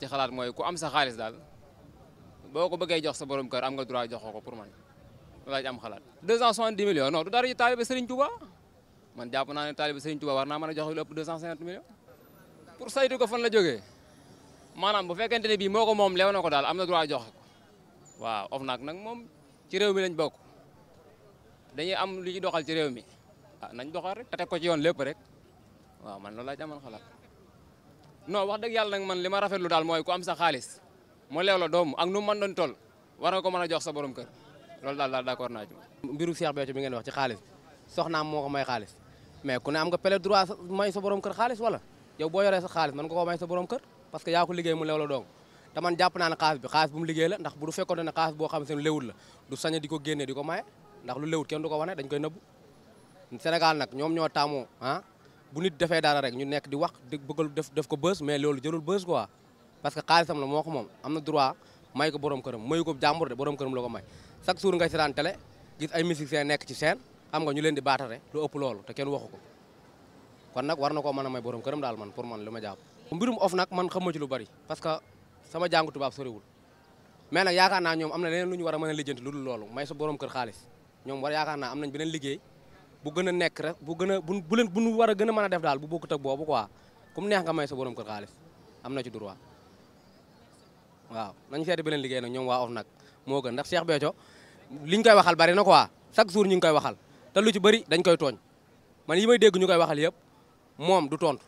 ci xalaat mooy ku am sa xaalis daal boo ko bëggee jox sa borom kër am nga droit jox ko pour man loolaa ci am xalaat 270 millions non du dara ci taaliba Serigne Touba man jàpp naa ne taaliba Serigne Touba war naa mën a jox lu ëpp 250 millions pour saytu ko fan la jógee maanaam bu fekkente ne bii moo ko moom lew na ko daal am na droit jox ko waaw OFNAC nag moom ci réew mi lañ bokk dañuy am lu ñu doxal ci réew mi ah nañ doxal rek te teg ko ci yoon lépp rek waaw man loolaa ci amoon xalaat. non wax dëgg yàlla nag man li ma rafetlu daal mooy ku am sa xaalis mu leew la doomu ak nu mu mën doon toll war nga ko mën a jox sa borom kër loolu daal daal d'accord naa ci mbiru Cheikh Béthio bi ngeen wax ci xaalis soxnaam moo ko may xaalis mais ku ne am nga pele droit may xaalis wala yow boo yoree sa xaalis mën nga koo may sa borom kër parce que yaa ko liggéey mu leew la doomu te man jàpp naa ne xaalis bi xaalis bu mu liggéey la ndax bu du fekkoon ne xaalis boo xam seen ko génnee di ko maye ndax lu léwut kenn du ko wane nag ñoom ñoo taamu ah bu nit defee dara rek ñu nekk di wax di bëggal def def ko bës mais loolu jëlul bës quoi parce que xaalisam la moo ko moom am na droit may ko borom kër mayu ko jàmbur de borom jour ngay seetaan télé nekk ci scène xam nga leen di baatare lu ëpp loolu te kenn waxu ko kon a may borom këram man pour man li ma jàpp mbirum of nag man xam lu bari parce que sama jàngu tubaab soriwul mais nag yaakaar naa ñoom am na leneen lu ñu war a a lijjanti lu dul loolu may sa borom kër xaalis ñoom war yaakaar naa am nañ beneen liggéey bu gën a nekk rek bu gën a bu bu leen bu ñu war a gën a mën a def daal bu bokkut ak boobu quoi comme neex nga may sa borom kër xaalis am na ci droit waaw nañ seeti beneen liggéey nag ñoom waa nag moo gën ndax Cheikh li ñu koy waxal bari na quoi chaque jour ñu ngi koy waxaal te lu ci bëri dañ koy tooñ man yi may dégg ñu koy waxal yëpp moom du tont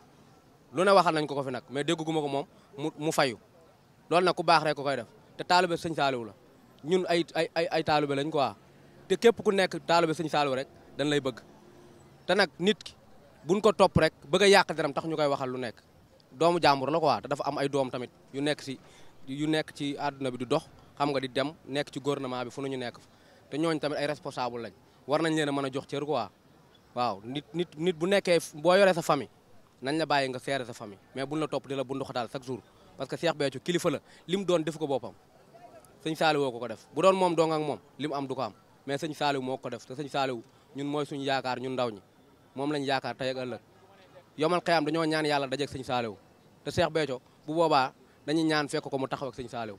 lu ne waxal nañ ko ko fi nag mais déggu ma ko moom mu mu fayu loolu nag ku baax rek ko koy def te taalibe sëñ Saaliw la ñun ay ay ay taalibe lañ quoi te képp ku nekk taalibe sëñ Saaliw rek dañ lay bëgg te nag nit ki buñ ko topp rek bëgg a yàq deram tax ñu koy waxal lu nekk doomu jàmbur la quoi te dafa am ay doom tamit yu nekk si yu nekk ci àdduna bi di dox xam nga di dem nekk ci gouvernement bi fu ñu nekk fa te ñooñu tamit ay responsable lañ war nañ leen a mën a jox cër quoi waaw nit nit nit bu nekkee boo yore sa famille nañ la bàyyi nga seere sa famille mais buñ la topp di la bu ndoxataal chaque jour parce que Cheikh Béthio kilifa la li mu doon def ko boppam sëñ Saliou woo ko ko def bu doon moom dong ak moom li mu am du ko am mais sëñ Saliou moo ko def te sëñ Saliou ñun mooy suñu yaakaar ñun ndaw ñi moom lañ yaakaar tey ak ëllëg yomal xëyam dañoo ñaan yàlla dajeeg sëñ saaliw te Cheikh Béthio bu boobaa dañuy ñaan fekk ko mu taxaw ak sëñ saaliw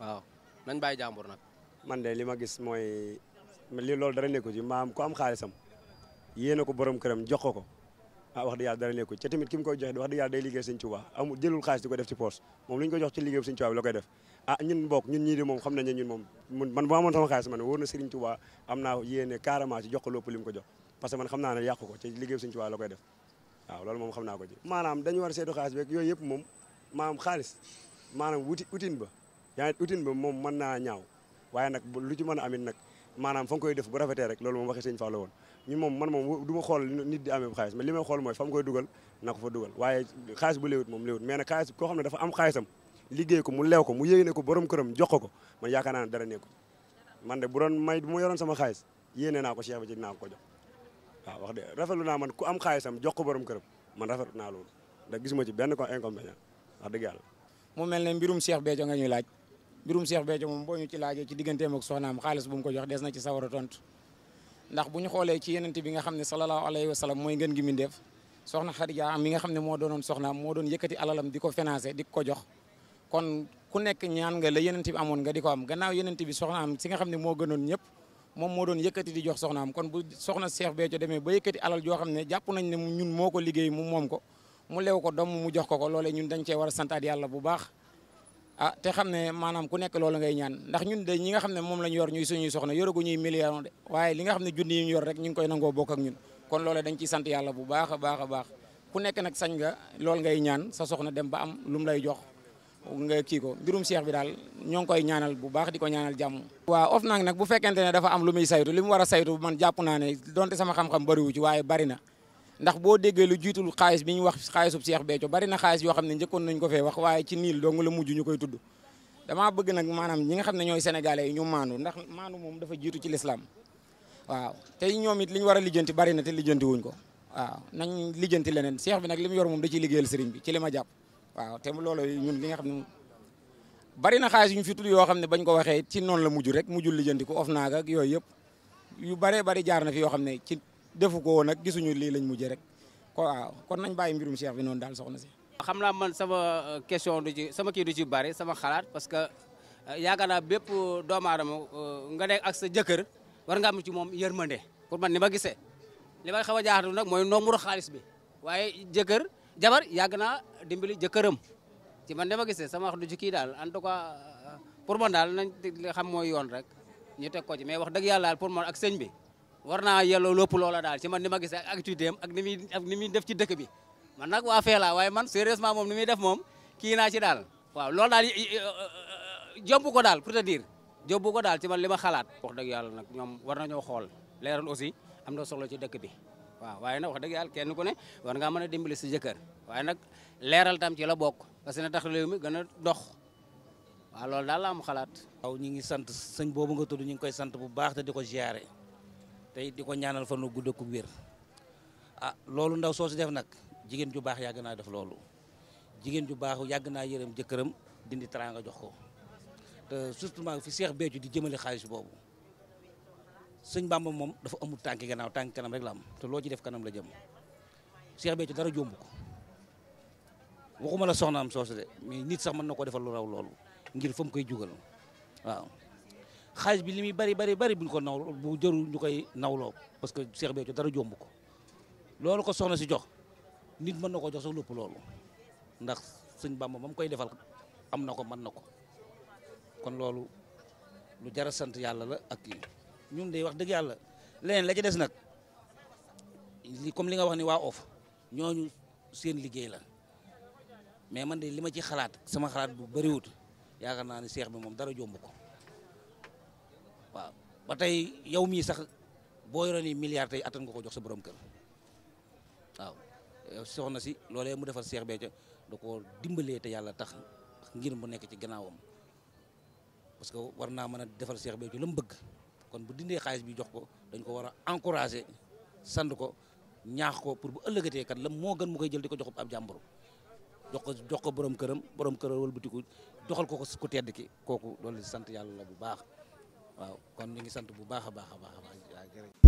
waaw nañ bàyyi jàmbur nag man de li ma gis mooy li loolu dara nekku ci maam ku am xaalisam yéene ko borom këram jox ko ko ah wax dëgg yàlla dara nekku ci te tamit ki mu koy joxe wax dëgg yàlla day liggéey sëñ Tuubaa amul jëlul xaalis di ko def ci poos moom lu ko jox ci liggéey sëñ Tuubaa bi la koy def ah ñun bokk ñun ñii de moom xam ne ñun moom man bu amoon na Serigne Touba am naa yéene carrément ci ko lépp li mu ko jox parce que man xam naa ne yàqu ko ci liggéey moom xam naa ko ci maanaam dañu a seetu xaalis beeg yooyu xaalis maanaam wuti utin ba yaa ngi moom mën naa ñaaw waaye nag lu ci mën a amit nag maanaam fa nga koy def bu rafetee rek loolu moom waxee Serigne Fallou woon ñun moom man moom du ma xool nit di amee xaalis mais li may xool mooy fa koy dugal na ko fa dugal waaye xaalis bu léewut moom léewut mais nag xaalis koo xam ne dafa am xaalisam liggéey ko mu leew ko mu yéene ko borom këram jox ko ko man yaakaar naa ne dara nekku man de bu doon may bu sama xaalis yéene naa ko Cheikh ba ci naa ko jox waaw wax de rafetlu naa man ku am xaalisam jox ko borom këram man rafetlu naa loolu ndax ma ci benn ko inconvénient wax dëgg yàlla mu mel ne mbirum Cheikh Béthio nga ñu laaj mbirum Cheikh Béthio moom boo ñu ci laajee ci digganteem ak soxnaam xaalis bu mu ko jox des na ci sawar a tontu ndax bu ñu xoolee ci yenente bi nga xam ne sallallahu alayhi wa sallam mooy ngën gi mindeef soxna Xadija am mi nga xam ne moo doonoon soxnaam moo doon yëkkati alalam di ko financé di ko jox kon ku nekk ñaan nga la yenente bi amoon nga di ko am gannaaw yenente bi soxnaam si nga xam ne moo gënoon ñëpp moom moo doon yëkkati di jox soxnaam kon bu soxna Cheikh Béthio demee alal joo xam ne jàpp nañ ne ñun moo ko liggéey mu moom ko mu lew ko doom mu jox ko ko loolee ñun dañ cee war a santaat yàlla bu baax ah te xam ne maanaam ku nekk loolu ngay ñaan ndax ñun de ñi nga xam ne moom lañ yor ñuy suñuy soxna yoragu ñuy million de li nga xam ne junni yi ñu yor rek ñu ngi koy nangoo bokk ak ñun kon dañ ciy sant yàlla bu baax a baax a baax ku nekk sañ nga loolu ngay ñaan sa soxna dem ba am lu mu lay jox nga kii ko mbirum seex bi daal ñoo ngi koy ñaanal bu baax di ko ñaanal jàmm. waaw OFNAC nag bu fekkente ne dafa am lu muy saytu li mu war a saytu man jàpp naa ne donte sama xam-xam bariwu ci waaye bari na ndax boo déggee lu jiitul xaalis bi ñu wax xaalisub seex Béthio bari na xaalis yoo xam ne njëkkoon nañ ko fee wax waaye ci niil dong la mujj ñu koy tudd damaa bëgg nag maanaam ñi nga xam ne ñooy sénégalais yi ñu maandu ndax moom dafa jiitu ci lislaam waaw te ñoom it li ñu war a lijjanti bari na te lijjanti wuñ ko waaw nañ lijjanti leneen seex bi nag li mu yor moom da ciy liggéeyal sëriñ bi ci li ma jàpp waaw te loolu ñun li nga xam ne bari na xaalis yu ñu fi yoo xam ne bañ ko waxee ci noonu la mujj rek mujjul lijjanti ko of naag ak yooyu yëpp yu baree bari jaar na fi yoo xam ne ci defu ko woon nag gisuñu lii lañ mujj rek ko kon nañ bàyyi mbirum Cheikh bi noonu daal soxna si. xam naa man sama euh, question du ci sama kii du ci bari sama xalaat parce que euh, yaakaar naa bépp doomu aadama euh, nga nekk ak sa jëkkër war nga am ci moom yërmande pour man ni ma gisee li ma xaw a jaaxal nag mooy nombre xaalis bi waaye jëkkër. jabar yàgg naa dimbali jëkkëram ci man dama gisee sama wax du ci kii daal en tout cas pour man daal nañ xam mooy yoon rek ñu teg ko ci mais wax dëgg yàlla daal pour man ak sëñ bi war naa yelloo lépp loola daal ci man ni ma gisee ak activité am ak ni muy ak ni muy def ci dëkk bi man nag waa Fela waaye man sérieusement moom ni muy def moom kii naa ci daal waaw loolu daal jomb ko daal pour te dire jomb ko daal ci man li ma xalaat. wax dëgg yàlla nag ñoom war nañoo xool leeral aussi am na solo ci dëkk bi. waaw waaye nag wax dëgg yàlla kenn ku ne war ngaa mën a dimbali sa jëkkër waaye nag leeral tam ci la bokk parce que na tax réew mi a dox waaw loolu daal la am xalaat. waaw ñu ngi sant sëñ boobu nga tudd ñu ngi koy sant bu baax te di ko ziare tey di ko ñaanal fan nu gudd ak wér ah loolu ndaw soo si def nag jigéen ju baax yàgg naa def loolu jigéen ju baax yàgg naa yërëm jëkkëram dindi teraanga jox ko te surtout fi Cheikh Béthio di jëmale xaalis boobu. sëñ Bamba moom dafa amul tànki gannaaw tànki kanam rek la am te loo ci def kanam la jëm Cheikh Béthio dara jomb ko waxuma la soxnaam soosu de mais nit sax mën na ko defal lu raw loolu ngir fa koy jugal waaw xaalis bi li muy bari bari bari buñ ko naw bu jëru ñu koy nawloo parce que Cheikh Béthio dara jomb ko loolu ko soxna si jox nit mën na koo jox sax lépp loolu ndax sëñ Bamba ba mu koy defal am na ko mën na ko kon loolu lu jara sant yàlla la ak kii ñun day wax dëgg yàlla leneen la ca des nag li comme li nga wax ni waa oof ñooñu seen liggéey la mais man de li ma ci xalaat sama xalaat bu bëriwut yaakaar naa ne seex bi moom dara jomb ko waaw ba tey yow mii sax boo yore ni milliard tey attan nga ko jox sa boroom kër waaw eh, soxna si loolee mu defal seex bee ca da ko dimbalee te yàlla tax ngir mu nekk ci gannaawam parce que war naa mën a defal seex bee ca la mu bëgg kon bu dindee xaalis bi jox ko dañ ko war a encourager sant ko ñaax ko pour bu ëllëgatee kat la moo gën mu koy jël di ko jox ab jàmbur jox ko jox ko borom këram borom këram wëlbatiku doxal ko ko ku tedd ki kooku loolu sant yàlla la bu baax waaw kon ñu ngi sant bu baax a baax a baax a baax